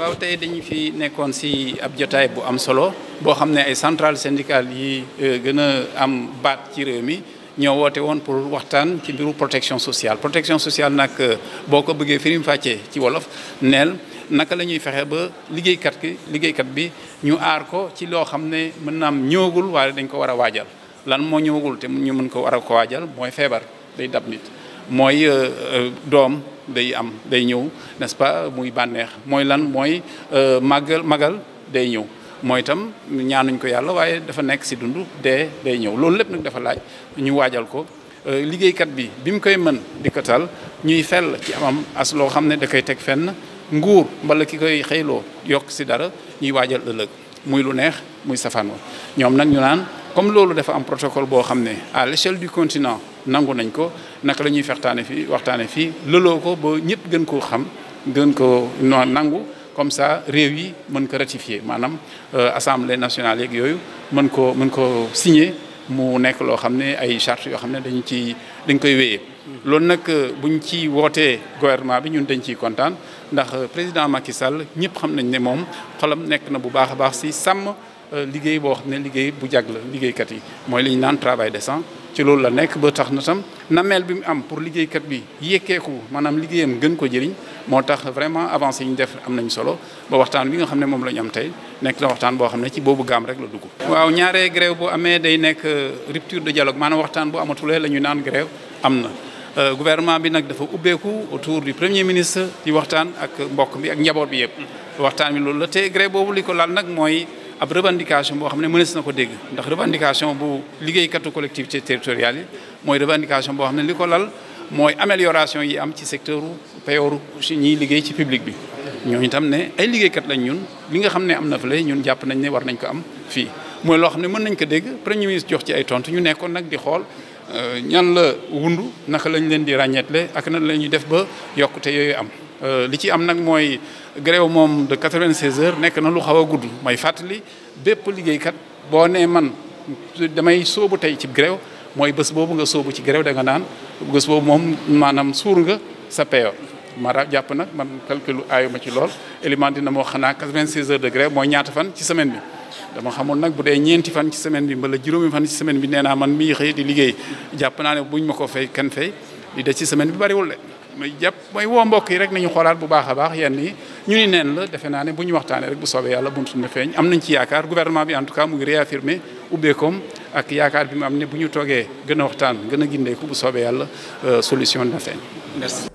waaw tey dañu fi nekkoon si ab jotaay bu am solo boo xam ne ay centrales syndicales yi euh, gën a am baat ci réew mi ñoo woote woon pour waxtaan ci mbiru protection sociale protection sociale nag euh, boo ko bëggee firim fàccee ci wolof neel naka la ñuy fexe ba liggéeykat ki liggéeykat bi ñu aar ko ci loo xam ne mën naam ñëwagul waaye dañ ko war a waajal lan moo ñëwagul te ñu mën ko war a ko waajal mooy feebar day dab nit mooy euh, euh, doom day am day ñëw nest pas muy bànneex mooy lan mooy euh, màggal magal day ñëw mooy itam ñaanuñ ko yàlla waaye dafa nekk si dund dee day ñëw loolu lépp nag dafa laaj ñu waajal ko liggéeykat bi bi mu koy mën di ko tal ñuy fel ci amam as loo xam ne da koy teg fenn nguur mbala ki koy xëyloo yokk si dara ñuy waajal ëllëg muy lu neex muy safaan wa ñoom nag ñu naan comme loolu dafa am protocole boo xam ne à l'échelle du continent nangu nañ ko naka la ñuy waxtaane fii waxtaane fii lëloo ko ba ñëpp gën koo xam gën ko no nangu comme ça réew yi mën ko ratifier maanaam euh, assemblée nationale yeeg yooyu mën ko mën ko signer mu nekk loo xam ne ay charte yoo xam ne dañu ci dañ koy wéyee loolu nag euh, buñ ci wootee gouvernement bi ñun dañ ciy kontaan ndax euh, président Macky Sall ñëpp xam nañ ne moom xolam nekk na bu baax a baax si sàmm Euh, liggéey boo xam ne liggéey bu jag la liggéeykat yi mooy li ñu naan travail décent ci loolu la nekk ba tax na tam nameel bi mu am pour liggéeykat bi yekkeeku maanaam liggéeyam gën ko jëriñ moo tax vraiment avancé yi ñu def am nañ solo ba waxtaan wi xam ne moom la ñu am tey nekk na waxtaan boo xam ne ci boobu gaam rek la dugg. waaw ñaaree grève bu amee day nekk euh, rupture de dialogue maanaam waxtaan bu amatulee la ñu naan grève am na. Euh, gouvernement bi nag dafa ubbeeku autour du premier ministre di waxtaan ak mbokk bi ak njaboot bi yëpp waxtaan bi loolu la te grève boobu li ko laal nag mooy. ab revendication boo xam ne mënees na ko dégg ndax revendication bu liggéeykatu collectivité territoriale yi mooy revendication boo xam ne li ko lal mooy amélioration yi am ci secteur payooru si ñiy liggéey ci public bi ñooñu tam ne ay liggéeykat lañ ñun li nga xam ne am na fa lay ñun jàpp nañ ne war nañ ko am fii mooy loo xam ne mën nañ ko dégg premier ministre jox ci ay tontu ñu nekkoon nag di xool euh, ñan la wundu naka lañ leen di ràññeetle ak nan la ñuy def ba yokkute yooyu am Euh, li ci am nag mooy grève moom de 96 heures nekk na lu xaw a gudd mooy fàttali bépp liggéey kat boo nee man damay sóobu tey ci grève mooy bés boobu nga soobu ci grève da naan bés boobu moom maanaam suur nga sa payo ma jàpp na man calcul aayuma ci lool élément dina moo xanaa 96 heures de grève mooy ñaata fan ci semaine bi dama xamoon nag bu dee ñeenti fan ci semaine bi mbala juróomi fan ci semaine bi nee man mi xëy di liggéey jàpp naa ko fay kenn fay li des semaine bi bariwul may jàpp mooy woo mbokk yi rek nañu xoolaat bu baax a baax yenn yi ñu ni neen la defe naa ne bu ñu waxtaanee rek bu soobee yàlla buntu na feeñ am nañ ci yaakaar gouvernement bi en tout cas mu ngi réaffirmé ubbeekoom ak yaakaar bi mu am ne bu ñu toogee gën a waxtaan gën a gindeeku bu soobee yàlla euh, solution na feeñ merci